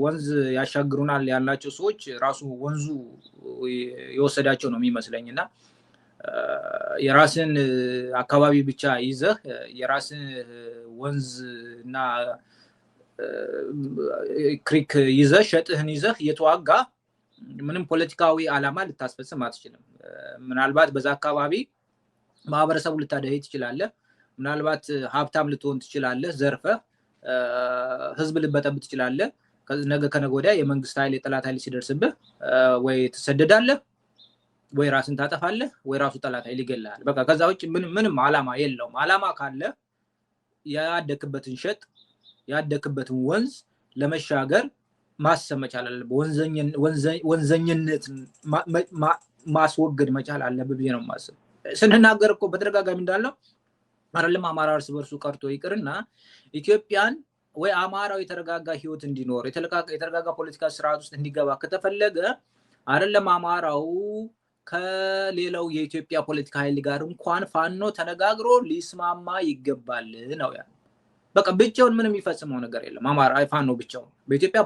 ወንዝ ያሻግሩናል ያላቸው ሰዎች ራሱ ወንዙ የወሰዳቸው ነው የሚመስለኝ እና የራስን አካባቢ ብቻ ይዘህ የራስን ወንዝ እና ክሪክ ይዘህ ሸጥህን ይዘህ የተዋጋ ምንም ፖለቲካዊ አላማ ልታስፈጽም አትችልም። ምናልባት በዛ አካባቢ ማህበረሰቡ ልታደሄ ትችላለህ። ምናልባት ሀብታም ልትሆን ትችላለህ። ዘርፈ ህዝብ ልበጠብ ትችላለህ። ነገ ከነገ ወዲያ የመንግስት ኃይል የጠላት ኃይል ሲደርስብህ ወይ ትሰደዳለህ ወይ ራስን ታጠፋለህ ወይ ራሱ ጠላት ኃይል ይገልሃል። በቃ ከዛ ውጭ ምንም አላማ የለውም። አላማ ካለ ያደክበትን ሸጥ ያደክበትን ወንዝ ለመሻገር ማሰብ መቻል አለብ ወንዘኝነት ማስወገድ መቻል አለብ ብዬ ነው ማስብ። ስንናገር እኮ በተደጋጋሚ እንዳለው አይደለም አማራ እርስ በርሱ ቀርቶ ይቅርና ኢትዮጵያን ወይ አማራው የተረጋጋ ህይወት እንዲኖር የተረጋጋ ፖለቲካ ስርዓት ውስጥ እንዲገባ ከተፈለገ አይደለም አማራው ከሌላው የኢትዮጵያ ፖለቲካ ኃይል ጋር እንኳን ፋኖ ተነጋግሮ ሊስማማ ይገባል ነው ያ። በቃ ብቻውን ምንም የሚፈጽመው ነገር የለም። አማራ ፋኖ ብቻውን በኢትዮጵያ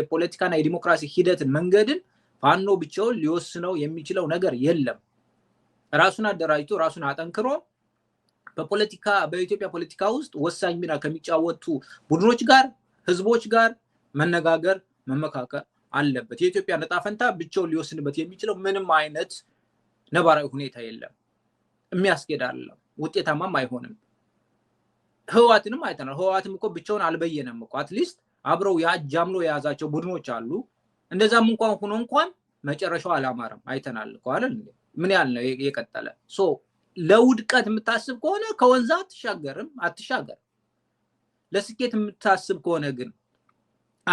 የፖለቲካና የዲሞክራሲ ሂደትን መንገድን ፋኖ ብቻውን ሊወስነው የሚችለው ነገር የለም። ራሱን አደራጅቶ ራሱን አጠንክሮ በፖለቲካ በኢትዮጵያ ፖለቲካ ውስጥ ወሳኝ ሚና ከሚጫወቱ ቡድኖች ጋር፣ ህዝቦች ጋር መነጋገር መመካከር አለበት። የኢትዮጵያ ነጣፈንታ ብቻውን ሊወስንበት የሚችለው ምንም አይነት ነባራዊ ሁኔታ የለም። የሚያስኬድ አለም ውጤታማም አይሆንም። ህዋትንም አይተናል። ህዋትም እኮ ብቻውን አልበየነም እኮ አትሊስት አብረው የአጃምሎ የያዛቸው ቡድኖች አሉ። እንደዛም እንኳን ሆኖ እንኳን መጨረሻው አላማረም። አይተናል ምን ያህል ነው የቀጠለ ለውድቀት የምታስብ ከሆነ ከወንዝ አትሻገርም አትሻገርም። ለስኬት የምታስብ ከሆነ ግን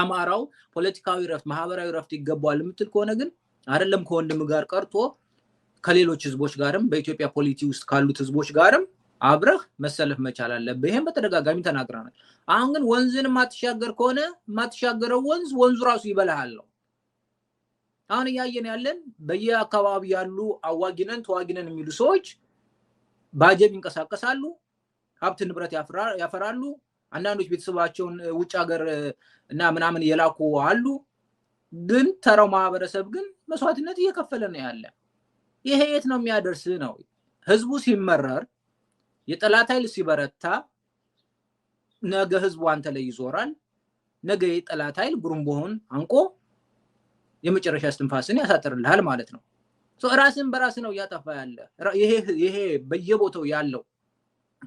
አማራው ፖለቲካዊ ረፍት፣ ማህበራዊ ረፍት ይገባዋል የምትል ከሆነ ግን አይደለም ከወንድም ጋር ቀርቶ ከሌሎች ህዝቦች ጋርም በኢትዮጵያ ፖሊቲ ውስጥ ካሉት ህዝቦች ጋርም አብረህ መሰለፍ መቻል አለብህ። ይህም በተደጋጋሚ ተናግረናል። አሁን ግን ወንዝን የማትሻገር ከሆነ የማትሻገረው ወንዝ ወንዙ ራሱ ይበላሃል ነው። አሁን እያየን ያለን በየአካባቢ ያሉ አዋጊነን ተዋጊነን የሚሉ ሰዎች በአጀብ ይንቀሳቀሳሉ፣ ሀብት ንብረት ያፈራሉ። አንዳንዶች ቤተሰባቸውን ውጭ ሀገር እና ምናምን የላኩ አሉ። ግን ተራው ማህበረሰብ ግን መስዋዕትነት እየከፈለ ነው ያለ። ይሄ የት ነው የሚያደርስ ነው? ህዝቡ ሲመረር፣ የጠላት ኃይል ሲበረታ፣ ነገ ህዝቡ አንተ ላይ ይዞራል። ነገ የጠላት ኃይል ጉርምቦህን አንቆ የመጨረሻ እስትንፋስን ያሳጥርልሃል ማለት ነው። ራስን በራስ ነው እያጠፋ ያለ። ይሄ በየቦታው ያለው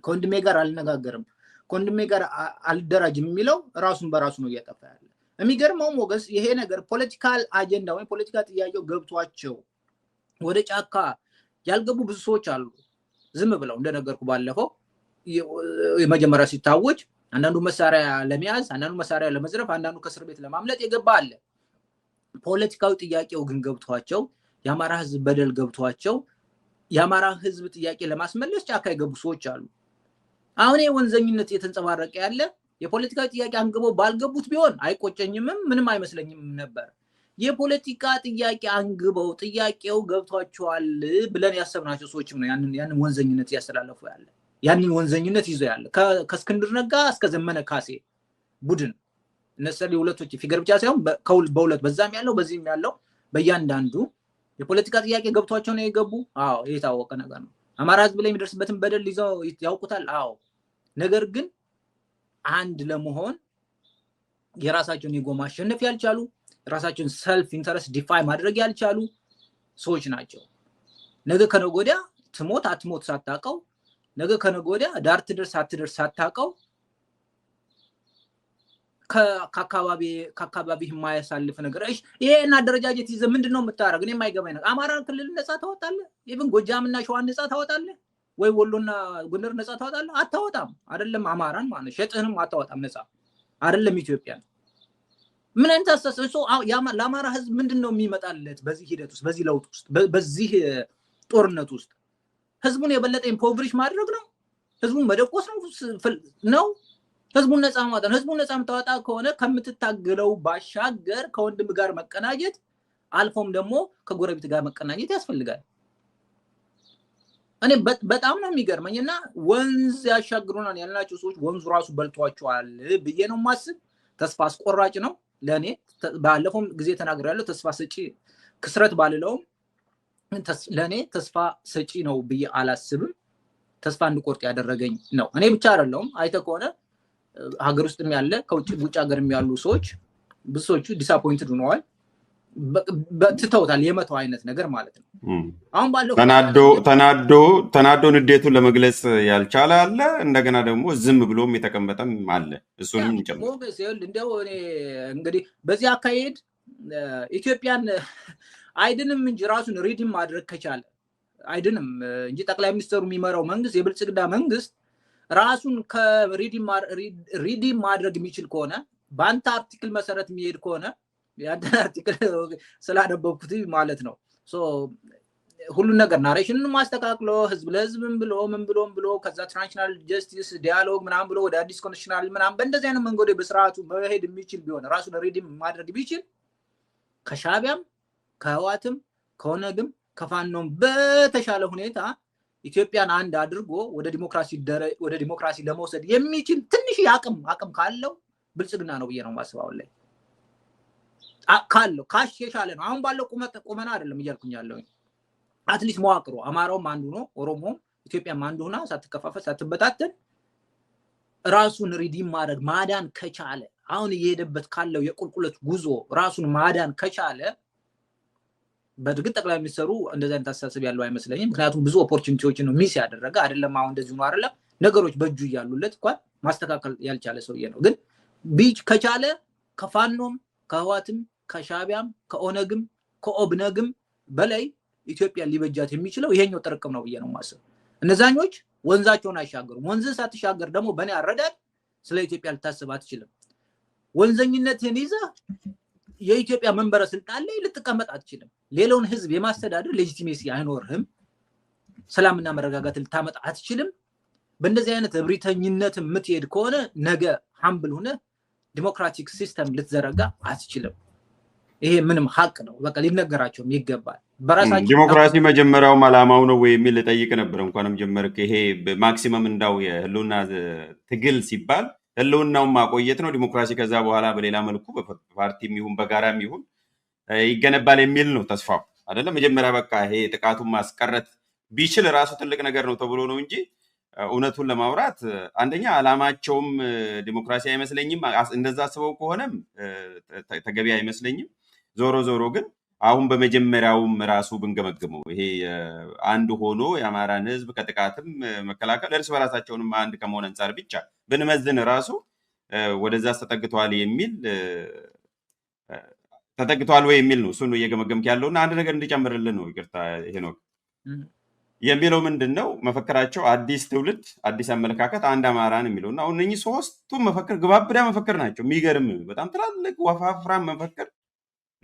ከወንድሜ ጋር አልነጋገርም፣ ከወንድሜ ጋር አልደራጅም የሚለው ራሱን በራሱ ነው እያጠፋ ያለ። የሚገርመው ሞገስ ይሄ ነገር ፖለቲካል አጀንዳ ወይም ፖለቲካ ጥያቄው ገብቷቸው ወደ ጫካ ያልገቡ ብዙ ሰዎች አሉ። ዝም ብለው እንደነገርኩ ባለፈው የመጀመሪያ ሲታወጅ አንዳንዱ መሳሪያ ለመያዝ፣ አንዳንዱ መሳሪያ ለመዝረፍ፣ አንዳንዱ ከእስር ቤት ለማምለጥ የገባ አለ። ፖለቲካዊ ጥያቄው ግን ገብቷቸው የአማራ ህዝብ በደል ገብቷቸው የአማራ ህዝብ ጥያቄ ለማስመለስ ጫካ የገቡ ሰዎች አሉ። አሁን ወንዘኝነት እየተንጸባረቀ ያለ የፖለቲካዊ ጥያቄ አንግበው ባልገቡት ቢሆን አይቆጨኝምም፣ ምንም አይመስለኝም ነበር። የፖለቲካ ጥያቄ አንግበው ጥያቄው ገብቷቸዋል ብለን ያሰብናቸው ሰዎችም ነው ያንን ወንዘኝነት እያስተላለፉ ያለ ያንን ወንዘኝነት ይዞ ያለ ከእስክንድር ነጋ እስከ ዘመነ ካሴ ቡድን እነሰ ሁለቶች ፊገር ብቻ ሳይሆን በሁለት በዛም ያለው በዚህም ያለው በእያንዳንዱ የፖለቲካ ጥያቄ ገብቷቸው ነው የገቡ። አዎ የታወቀ ነገር ነው። አማራ ህዝብ ላይ የሚደርስበትን በደል ይዘው ያውቁታል። አዎ ነገር ግን አንድ ለመሆን የራሳቸውን ኢጎ ማሸነፍ ያልቻሉ የራሳቸውን ሰልፍ ኢንተረስት ዲፋይ ማድረግ ያልቻሉ ሰዎች ናቸው። ነገ ከነጎዲያ ትሞት አትሞት ሳታውቀው፣ ነገ ከነጎዲያ ዳር ትደርስ አትደርስ ሳታውቀው ከአካባቢህ የማያሳልፍ ነገር ይሄን አደረጃጀት ይዘ ምንድን ነው የምታደረግ? እኔ የማይገባኝ ነገር አማራ ክልል ነፃ ታወጣለህ? ኢቭን ጎጃምና ሸዋን ነፃ ታወጣለ? ወይ ወሎና ጎንደር ነፃ ታወጣለ? አታወጣም። አደለም አማራን ማለት ሸጥህንም አታወጣም ነፃ አደለም ኢትዮጵያ ምን አይነት አስተሳሰብ እሱ ለአማራ ህዝብ ምንድን ነው የሚመጣለት? በዚህ ሂደት ውስጥ በዚህ ለውጥ ውስጥ በዚህ ጦርነት ውስጥ ህዝቡን የበለጠ ኢምፖቭሪሽ ማድረግ ነው? ህዝቡን መደቆስ ነው ነው ህዝቡን ነፃ ማውጣት ነው። ህዝቡን ነፃ የምታወጣ ከሆነ ከምትታገለው ባሻገር ከወንድም ጋር መቀናጀት አልፎም ደግሞ ከጎረቤት ጋር መቀናጀት ያስፈልጋል። እኔ በጣም ነው የሚገርመኝ እና ወንዝ ያሻግሩናል ያልናቸው ሰዎች ወንዙ ራሱ በልቷቸዋል ብዬ ነው ማስብ። ተስፋ አስቆራጭ ነው ለእኔ። ባለፈውም ጊዜ ተናግሬያለሁ። ተስፋ ሰጪ ክስረት ባልለውም ለእኔ ተስፋ ሰጪ ነው ብዬ አላስብም። ተስፋ እንድቆርጥ ያደረገኝ ነው። እኔ ብቻ አደለውም አይተ ከሆነ ሀገር ውስጥም ያለ ከውጭ ውጭ ሀገርም ያሉ ሰዎች ብዙ ሰዎቹ ዲስአፖይንትድ ሆነዋል። ትተውታል። የመተው አይነት ነገር ማለት ነው። አሁን ባለው ተናዶ ተናዶ ንዴቱን ለመግለጽ ያልቻለ አለ። እንደገና ደግሞ ዝም ብሎም የተቀመጠም አለ። እሱንም እንግዲህ በዚህ አካሄድ ኢትዮጵያን አይድንም እንጂ ራሱን ሪድም ማድረግ ከቻለ አይድንም እንጂ ጠቅላይ ሚኒስትሩ የሚመራው መንግስት የብልጽግና መንግስት ራሱን ከሪዲም ማድረግ የሚችል ከሆነ በአንተ አርቲክል መሰረት የሚሄድ ከሆነ ያንተን አርቲክል ስላነበብኩት ማለት ነው ሁሉን ነገር ናሬሽንን ማስተካክሎ ህዝብ ለህዝብም ብሎ ምን ብሎም ብሎ ከዛ ትራንሽናል ጀስቲስ ዲያሎግ ምናም ብሎ ወደ አዲስ ኮንስቲሽናል ምናም በእንደዚህ አይነት መንገዶ በስርዓቱ መሄድ የሚችል ቢሆን ራሱን ሪዲም ማድረግ ቢችል ከሻቢያም ከህዋትም ከሆነግም ከፋኖም በተሻለ ሁኔታ ኢትዮጵያን አንድ አድርጎ ወደ ዲሞክራሲ ለመውሰድ የሚችል ትንሽ አቅም አቅም ካለው ብልጽግና ነው ብዬ ነው ማስባው ላይ ካለው ካሽ የቻለ ነው። አሁን ባለው ቁመና አይደለም እያልኩኝ ያለው አትሊስት መዋቅሮ አማራውም አንዱ ነው፣ ኦሮሞም ኢትዮጵያም አንዱ ሁና ሳትከፋፈል ሳትበታተን ራሱን ሪዲም ማድረግ ማዳን ከቻለ አሁን እየሄደበት ካለው የቁልቁለት ጉዞ ራሱን ማዳን ከቻለ በእርግጥ ጠቅላይ ሚኒስትሩ እንደዚ አይነት አስተሳሰብ ያለው አይመስለኝም። ምክንያቱም ብዙ ኦፖርቹኒቲዎችን ሚስ ያደረገ አይደለም። አሁን እንደዚሁ ነው አይደለም ነገሮች በእጁ እያሉለት እንኳን ማስተካከል ያልቻለ ሰውዬ ነው። ግን ቢጭ ከቻለ ከፋኖም ከህዋትም ከሻቢያም ከኦነግም ከኦብነግም በላይ ኢትዮጵያ ሊበጃት የሚችለው ይሄኛው ጥርቅም ነው ብዬ ነው ማስብ። እነዛኞች ወንዛቸውን አይሻገሩም። ወንዝን ሳትሻገር ደግሞ በእኔ አረዳድ ስለ ኢትዮጵያ ልታስብ አትችልም። ወንዘኝነትን ይዘህ የኢትዮጵያ መንበረ ስልጣን ላይ ልትቀመጥ አትችልም። ሌላውን ህዝብ የማስተዳደር ሌጂቲሜሲ አይኖርህም። ሰላምና መረጋጋት ልታመጣ አትችልም። በእንደዚህ አይነት እብሪተኝነት የምትሄድ ከሆነ ነገ ሀምብል ሆነ ዲሞክራቲክ ሲስተም ልትዘረጋ አትችልም። ይሄ ምንም ሀቅ ነው። በቃ ሊነገራቸውም ይገባል። በራሳቸው ዲሞክራሲ መጀመሪያውም አላማው ነው ወይ የሚል ጠይቅ ነበር። እንኳንም ጀመርክ። ይሄ ማክሲመም እንዳው የህልውና ትግል ሲባል ህልውናውን ማቆየት ነው። ዲሞክራሲ ከዛ በኋላ በሌላ መልኩ በፓርቲ የሚሁን በጋራ የሚሁን ይገነባል የሚል ነው ተስፋው። አይደለም መጀመሪያ በቃ ይሄ ጥቃቱን ማስቀረት ቢችል ራሱ ትልቅ ነገር ነው ተብሎ ነው እንጂ እውነቱን ለማውራት አንደኛ አላማቸውም ዲሞክራሲ አይመስለኝም። እንደዛ አስበው ከሆነም ተገቢ አይመስለኝም። ዞሮ ዞሮ ግን አሁን በመጀመሪያውም ራሱ ብንገመግመው ይሄ አንድ ሆኖ የአማራን ህዝብ ከጥቃትም መከላከል እርስ በራሳቸውንም አንድ ከመሆን አንጻር ብቻ ብንመዝን ራሱ ወደዛ ተጠግተዋል የሚል ተጠግተዋል ወይ የሚል ነው። እሱን እየገመገምክ ያለው እና አንድ ነገር እንዲጨምርልን ነው። ይቅርታ ሄኖክ የሚለው ምንድን ነው? መፈክራቸው አዲስ ትውልድ አዲስ አመለካከት አንድ አማራን የሚለው እና አሁን እኚህ ሶስቱም መፈክር ግባብዳ መፈክር ናቸው። የሚገርም በጣም ትላልቅ ወፋፍራን መፈክር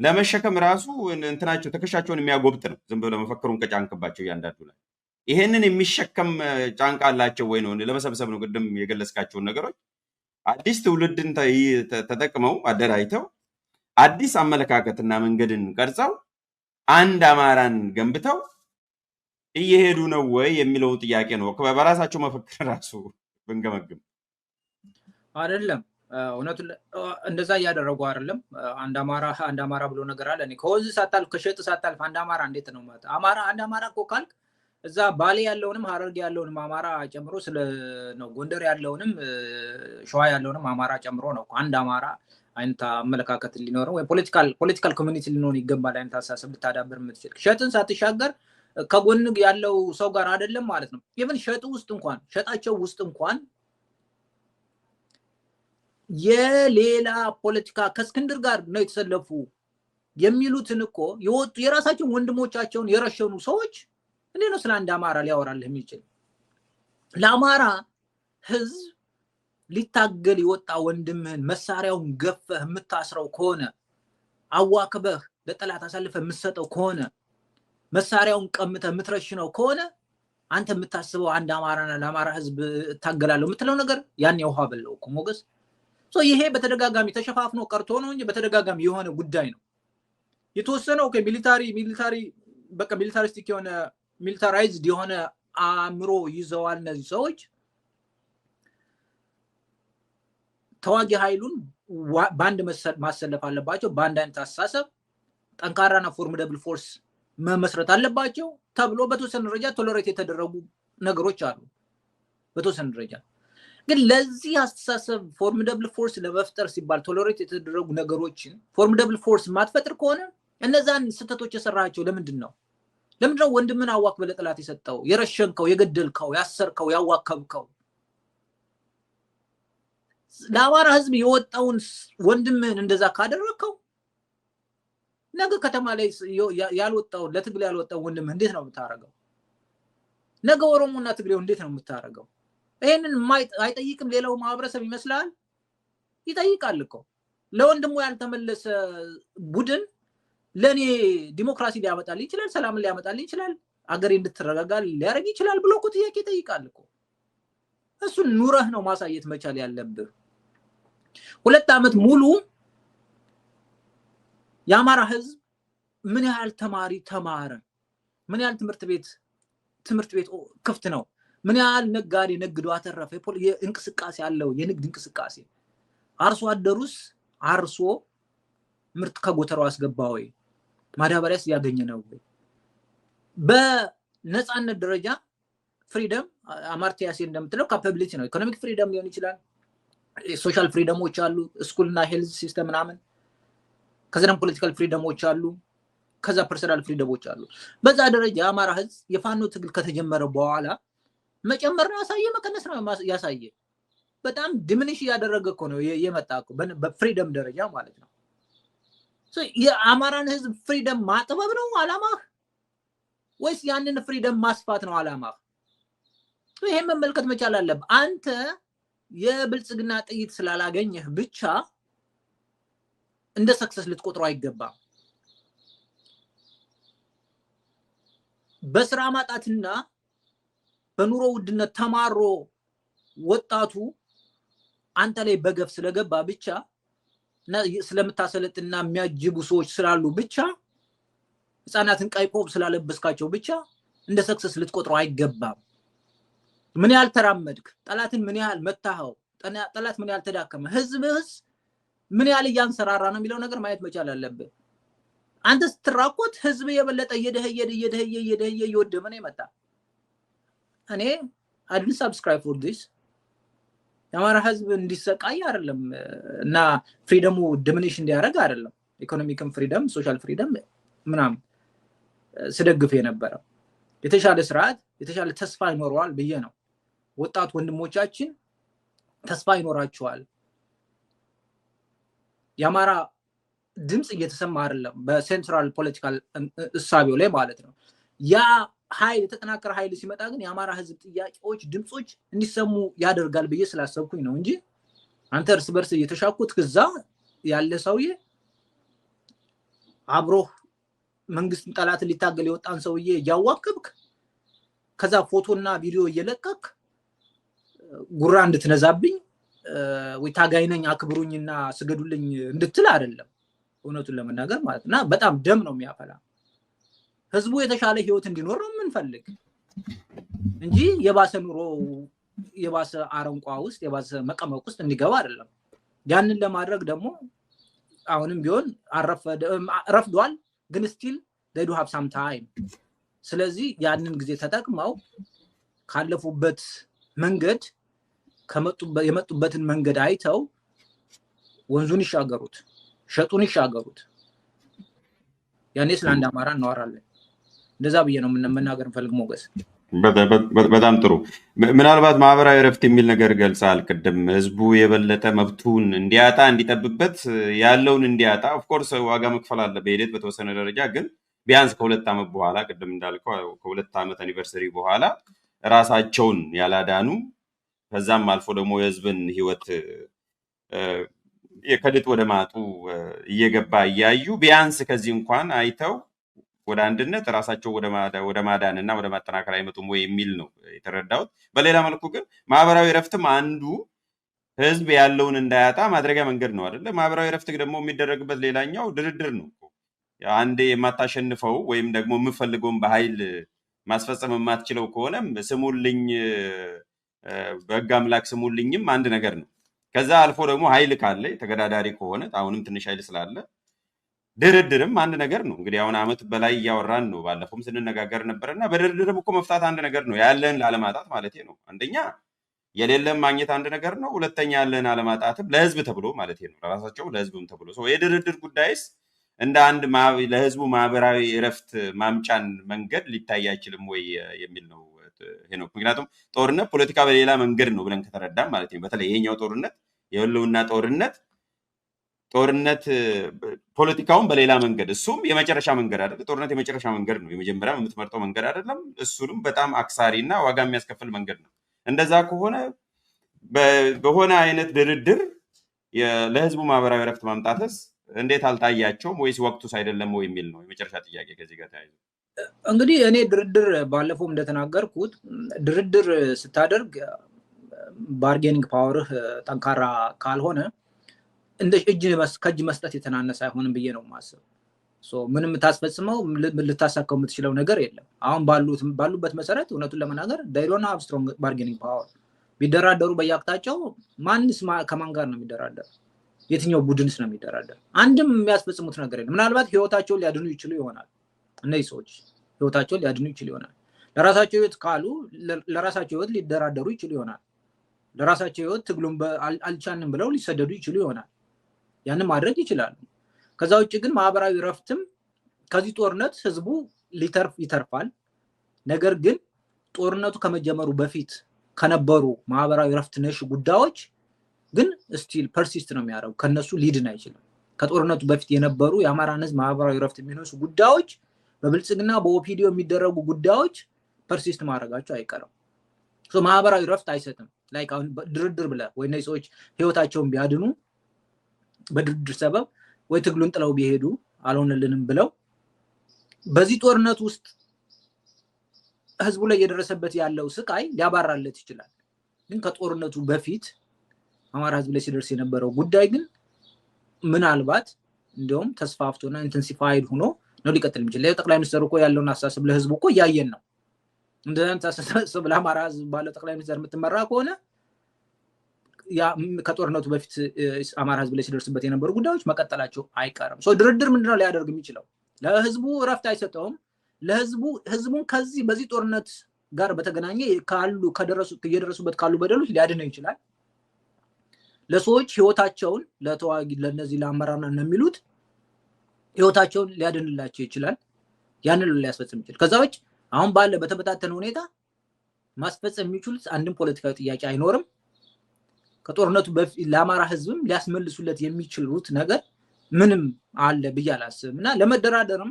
ለመሸከም ራሱ እንትናቸው ትከሻቸውን የሚያጎብጥ ነው። ዝም ብለ መፈክሩን ከጫንክባቸው እያንዳንዱ ላይ ይሄንን የሚሸከም ጫንቃ አላቸው ወይ ነው ለመሰብሰብ ነው። ቅድም የገለጽካቸውን ነገሮች አዲስ ትውልድን ተጠቅመው አደራጅተው አዲስ አመለካከትና መንገድን ቀርጸው አንድ አማራን ገንብተው እየሄዱ ነው ወይ የሚለው ጥያቄ ነው። በራሳቸው መፈክር ራሱ ብንገመግም አደለም እውነቱ እንደዛ እያደረጉ አይደለም። አንድ አማራ አንድ አማራ ብሎ ነገር አለ። ከወዝ ሳታልፍ ከሸጥ ሳታልፍ አንድ አማራ እንዴት ነው ማለት? አማራ አንድ አማራ እኮ ካልክ እዛ ባሌ ያለውንም ሀረርጌ ያለውንም አማራ ጨምሮ ስለነው ነው ጎንደር ያለውንም ሸዋ ያለውንም አማራ ጨምሮ ነው አንድ አማራ አይነት አመለካከት ሊኖረው ወይ ፖለቲካል ኮሚኒቲ ሊኖር ይገባል አይነት አሳሰብ ልታዳብር የምትችል ሸጥን ሳትሻገር ከጎን ያለው ሰው ጋር አይደለም ማለት ነው። ኢቨን ሸጡ ውስጥ እንኳን ሸጣቸው ውስጥ እንኳን የሌላ ፖለቲካ ከእስክንድር ጋር ነው የተሰለፉ የሚሉትን እኮ የወጡ የራሳቸውን ወንድሞቻቸውን የረሸኑ ሰዎች እንዴ ነው ስለ አንድ አማራ ሊያወራልህ የሚችል? ለአማራ ህዝብ ሊታገል የወጣ ወንድምህን መሳሪያውን ገፈህ የምታስረው ከሆነ አዋክበህ ለጠላት አሳልፈ የምትሰጠው ከሆነ መሳሪያውን ቀምተ የምትረሽነው ከሆነ አንተ የምታስበው አንድ አማራና ለአማራ ህዝብ እታገላለሁ የምትለው ነገር ያን የውሃ በለው እኮ ሞገስ። ይሄ በተደጋጋሚ ተሸፋፍኖ ቀርቶ ነው እንጂ በተደጋጋሚ የሆነ ጉዳይ ነው። የተወሰነው ሚሊታሪ ሚሊታሪ በቃ ሚሊታሪስቲክ የሆነ ሚሊታራይዝድ የሆነ አእምሮ ይዘዋል እነዚህ ሰዎች ተዋጊ ኃይሉን በአንድ ማሰለፍ አለባቸው በአንድ አይነት አስተሳሰብ ጠንካራና ፎርሚደብል ፎርስ መመስረት አለባቸው ተብሎ በተወሰነ ደረጃ ቶለሬት የተደረጉ ነገሮች አሉ በተወሰነ ደረጃ ግን ለዚህ አስተሳሰብ ፎርሚደብል ፎርስ ለመፍጠር ሲባል ቶለሬት የተደረጉ ነገሮችን ፎርሚደብል ፎርስ ማትፈጥር ከሆነ እነዛን ስህተቶች የሰራቸው ለምንድን ነው ለምንድነው ወንድምን አዋክ ብለህ ጥላት የሰጠው የረሸንከው፣ የገደልከው፣ ያሰርከው፣ ያዋከብከው? ለአማራ ህዝብ የወጣውን ወንድምህን እንደዛ ካደረግከው ነገ ከተማ ላይ ያልወጣውን ለትግል ያልወጣው ወንድምህ እንዴት ነው የምታደርገው? ነገ ኦሮሞና ትግሬው እንዴት ነው የምታደርገው? ይህንን አይጠይቅም ሌላው ማህበረሰብ ይመስላል? ይጠይቃል እኮ ለወንድሙ ያልተመለሰ ቡድን ለእኔ ዲሞክራሲ ሊያመጣልኝ ይችላል፣ ሰላምን ሊያመጣልኝ ይችላል፣ አገሬ እንድትረጋጋ ሊያደርግ ይችላል ብሎ እኮ ጥያቄ ይጠይቃል እኮ። እሱን ኑረህ ነው ማሳየት መቻል ያለብህ። ሁለት ዓመት ሙሉ የአማራ ህዝብ ምን ያህል ተማሪ ተማረ? ምን ያህል ትምህርት ቤት ትምህርት ቤት ክፍት ነው? ምን ያህል ነጋዴ ነግዶ አተረፈ? እንቅስቃሴ አለው? የንግድ እንቅስቃሴ አርሶ አደሩስ አርሶ ምርት ከጎተራው አስገባ ወይ? ማዳበሪያስ እያገኘ ነው ወይ? በነፃነት ደረጃ ፍሪደም አማርቲያ እንደምትለው ካፓቢሊቲ ነው። ኢኮኖሚክ ፍሪደም ሊሆን ይችላል። ሶሻል ፍሪደሞች አሉ፣ ስኩልና ሄልዝ ሲስተም ምናምን። ከዚ ደግሞ ፖለቲካል ፍሪደሞች አሉ፣ ከዛ ፐርሰናል ፍሪደሞች አሉ። በዛ ደረጃ አማራ ህዝብ የፋኖ ትግል ከተጀመረ በኋላ መጨመር ነው ያሳየ፣ መቀነስ ነው ያሳየ። በጣም ዲሚኒሽ እያደረገ እኮ ነው የመጣ በፍሪደም ደረጃ ማለት ነው። የአማራን ህዝብ ፍሪደም ማጥበብ ነው አላማህ ወይስ ያንን ፍሪደም ማስፋት ነው አላማህ? ይሄ መመልከት መቻል አለብህ። አንተ የብልጽግና ጥይት ስላላገኘህ ብቻ እንደ ሰክሰስ ልትቆጥሮ አይገባም። በስራ ማጣትና በኑሮ ውድነት ተማሮ ወጣቱ አንተ ላይ በገፍ ስለገባ ብቻ ስለምታሰለጥና የሚያጅቡ ሰዎች ስላሉ ብቻ ህፃናትን ቀይ ቆብ ስላለበስካቸው ብቻ እንደ ሰክሰስ ልትቆጥረው አይገባም። ምን ያህል ተራመድክ፣ ጠላትን ምን ያህል መታኸው፣ ጠላት ምን ያህል ተዳከመ፣ ህዝብህስ ምን ያህል እያንሰራራ ነው የሚለው ነገር ማየት መቻል አለብህ። አንተ ስትራኮት ህዝብ የበለጠ እየደህየ እየደህየ እየደህየ እየወደመ ነው የመጣ እኔ አድን ሳብስክራይብ ፎር ዲስ የአማራ ህዝብ እንዲሰቃይ አይደለም እና ፍሪደሙ ድምንሽ እንዲያደርግ አይደለም። ኢኮኖሚክም ፍሪደም፣ ሶሻል ፍሪደም ምናም ስደግፍ የነበረው የተሻለ ስርዓት የተሻለ ተስፋ ይኖረዋል ብዬ ነው። ወጣት ወንድሞቻችን ተስፋ ይኖራቸዋል። የአማራ ድምፅ እየተሰማ አይደለም፣ በሴንትራል ፖለቲካል እሳቤው ላይ ማለት ነው። ያ ኃይል የተጠናከረ ኃይል ሲመጣ ግን የአማራ ህዝብ ጥያቄዎች፣ ድምፆች እንዲሰሙ ያደርጋል ብዬ ስላሰብኩኝ ነው እንጂ አንተ እርስ በርስ እየተሻኩት ከዛ ያለ ሰውዬ አብሮህ መንግስትን ጠላት ሊታገል የወጣን ሰውዬ እያዋከብክ ከዛ ፎቶና ቪዲዮ እየለቀክ ጉራ እንድትነዛብኝ ወይ ታጋይነኝ አክብሩኝና ስገዱልኝ እንድትል አይደለም እውነቱን ለመናገር ማለት እና በጣም ደም ነው የሚያፈላ ህዝቡ የተሻለ ህይወት እንዲኖር ነው የምንፈልግ እንጂ የባሰ ኑሮ የባሰ አረንቋ ውስጥ የባሰ መቀመቅ ውስጥ እንዲገባ አይደለም። ያንን ለማድረግ ደግሞ አሁንም ቢሆን ረፍዷል፣ ግን ስቲል ዘዱ ሀብሳም ታይም። ስለዚህ ያንን ጊዜ ተጠቅመው ካለፉበት መንገድ የመጡበትን መንገድ አይተው ወንዙን ይሻገሩት፣ ሸጡን ይሻገሩት። ያኔ ስለ አንድ አማራ እናወራለን። እንደዛ ብዬ ነው መናገር እንፈልግ ሞገስ። በጣም ጥሩ። ምናልባት ማህበራዊ እረፍት የሚል ነገር ገልጻል ቅድም። ህዝቡ የበለጠ መብቱን እንዲያጣ እንዲጠብበት፣ ያለውን እንዲያጣ ኦፍኮርስ ዋጋ መክፈል አለ በሂደት በተወሰነ ደረጃ ግን ቢያንስ ከሁለት ዓመት በኋላ ቅድም እንዳልከው ከሁለት ዓመት አኒቨርሰሪ በኋላ ራሳቸውን ያላዳኑ ከዛም አልፎ ደግሞ የህዝብን ህይወት ከድጥ ወደ ማጡ እየገባ እያዩ ቢያንስ ከዚህ እንኳን አይተው ወደ አንድነት ራሳቸው ወደ ማዳን እና ወደ ማጠናከር አይመጡም ወይ የሚል ነው የተረዳሁት። በሌላ መልኩ ግን ማህበራዊ እረፍትም አንዱ ህዝብ ያለውን እንዳያጣ ማድረጊያ መንገድ ነው አይደለ? ማህበራዊ እረፍት ደግሞ የሚደረግበት ሌላኛው ድርድር ነው። አንዴ የማታሸንፈው ወይም ደግሞ የምፈልገውን በኃይል ማስፈጸም የማትችለው ከሆነም ስሙልኝ፣ በህግ አምላክ ስሙልኝም አንድ ነገር ነው። ከዛ አልፎ ደግሞ ኃይል ካለ ተገዳዳሪ ከሆነ አሁንም ትንሽ ኃይል ስላለ ድርድርም አንድ ነገር ነው። እንግዲህ አሁን ዓመት በላይ እያወራን ነው። ባለፈውም ስንነጋገር ነበር እና በድርድርም እኮ መፍታት አንድ ነገር ነው። ያለን ላለማጣት ማለት ነው። አንደኛ የሌለን ማግኘት አንድ ነገር ነው። ሁለተኛ ያለን አለማጣትም ለህዝብ ተብሎ ማለት ነው። ለራሳቸው ለህዝብም ተብሎ ሰው የድርድር ጉዳይስ እንደ አንድ ለህዝቡ ማህበራዊ እረፍት ማምጫን መንገድ ሊታይ አይችልም ወይ የሚል ነው ሄኖክ። ምክንያቱም ጦርነት ፖለቲካ በሌላ መንገድ ነው ብለን ከተረዳም ማለት ነው። በተለይ ይሄኛው ጦርነት የህልውና ጦርነት ጦርነት ፖለቲካውን በሌላ መንገድ እሱም የመጨረሻ መንገድ አይደለም። ጦርነት የመጨረሻ መንገድ ነው። የመጀመሪያ የምትመርጠው መንገድ አይደለም። እሱንም በጣም አክሳሪ እና ዋጋ የሚያስከፍል መንገድ ነው። እንደዛ ከሆነ በሆነ አይነት ድርድር ለህዝቡ ማህበራዊ እረፍት ማምጣትስ እንዴት አልታያቸውም? ወይስ ወቅቱስ አይደለም ወይ የሚል ነው የመጨረሻ ጥያቄ። ከዚህ ጋር ተያይዞ እንግዲህ እኔ ድርድር ባለፈው እንደተናገርኩት ድርድር ስታደርግ ባርጌኒንግ ፓወርህ ጠንካራ ካልሆነ እንደ እጅ ከእጅ መስጠት የተናነሰ አይሆንም ብዬ ነው ማስብ። ምን ታስፈጽመው ልታሳካው የምትችለው ነገር የለም። አሁን ባሉበት መሰረት እውነቱን ለመናገር ዳይሎና አብስትሮንግ ባርጌኒንግ ፓወር ቢደራደሩ በየአቅጣጫው ማንስ ከማን ጋር ነው የሚደራደር? የትኛው ቡድንስ ነው የሚደራደር? አንድም የሚያስፈጽሙት ነገር የለም። ምናልባት ህይወታቸውን ሊያድኑ ይችሉ ይሆናል። እነዚህ ሰዎች ህይወታቸውን ሊያድኑ ይችሉ ይሆናል። ለራሳቸው ህይወት ካሉ ለራሳቸው ህይወት ሊደራደሩ ይችሉ ይሆናል። ለራሳቸው ህይወት ትግሉን አልቻንም ብለው ሊሰደዱ ይችሉ ይሆናል። ያንን ማድረግ ይችላሉ። ከዛ ውጭ ግን ማህበራዊ ረፍትም ከዚህ ጦርነት ህዝቡ ሊተርፍ ይተርፋል። ነገር ግን ጦርነቱ ከመጀመሩ በፊት ከነበሩ ማህበራዊ ረፍት ነሽ ጉዳዮች ግን ስቲል ፐርሲስት ነው የሚያደርጉ ከነሱ ሊድን አይችልም። ከጦርነቱ በፊት የነበሩ የአማራን ህዝብ ማህበራዊ ረፍት የሚነሱ ጉዳዮች በብልጽግና በኦፒዲዮ የሚደረጉ ጉዳዮች ፐርሲስት ማድረጋቸው አይቀርም። ማህበራዊ ረፍት አይሰጥም። ላይ ድርድር ብለ ወይ ሰዎች ህይወታቸውን ቢያድኑ በድርድር ሰበብ ወይ ትግሉን ጥለው ቢሄዱ አልሆነልንም ብለው በዚህ ጦርነት ውስጥ ህዝቡ ላይ እየደረሰበት ያለው ስቃይ ሊያባራለት ይችላል። ግን ከጦርነቱ በፊት አማራ ህዝብ ላይ ሲደርስ የነበረው ጉዳይ ግን ምናልባት እንዲሁም ተስፋፍቶና ኢንተንሲፋይድ ሆኖ ነው ሊቀጥል የሚችል። ጠቅላይ ሚኒስትር እኮ ያለውን አስተሳሰብ ለህዝቡ እኮ እያየን ነው። እንደዚህ አስተሳሰብ ለአማራ ህዝብ ባለው ጠቅላይ ሚኒስትር የምትመራ ከሆነ ከጦርነቱ በፊት አማራ ህዝብ ላይ ሲደርስበት የነበሩ ጉዳዮች መቀጠላቸው አይቀርም። ድርድር ምንድነው ሊያደርግ የሚችለው? ለህዝቡ እረፍት አይሰጠውም። ለህዝቡ ህዝቡን ከዚህ በዚህ ጦርነት ጋር በተገናኘ ካሉ እየደረሱበት ካሉ በደሎች ሊያድነው ይችላል። ለሰዎች ህይወታቸውን ለተዋጊ ለነዚህ ለአመራርና የሚሉት ህይወታቸውን ሊያድንላቸው ይችላል። ያንን ሊያስፈጽም ይችላል። ከዛ ውጭ አሁን ባለ በተበታተነ ሁኔታ ማስፈጸም የሚችሉት አንድም ፖለቲካዊ ጥያቄ አይኖርም። ከጦርነቱ በፊት ለአማራ ህዝብም ሊያስመልሱለት የሚችሉት ነገር ምንም አለ ብዬ አላስብም እና ለመደራደርም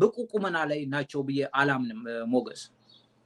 ብቁ ቁመና ላይ ናቸው ብዬ አላምንም ሞገስ